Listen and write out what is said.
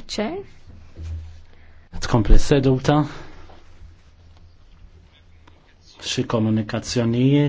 iċ-ċer. Tkompli seduta. Xi komunikazzjonijiet.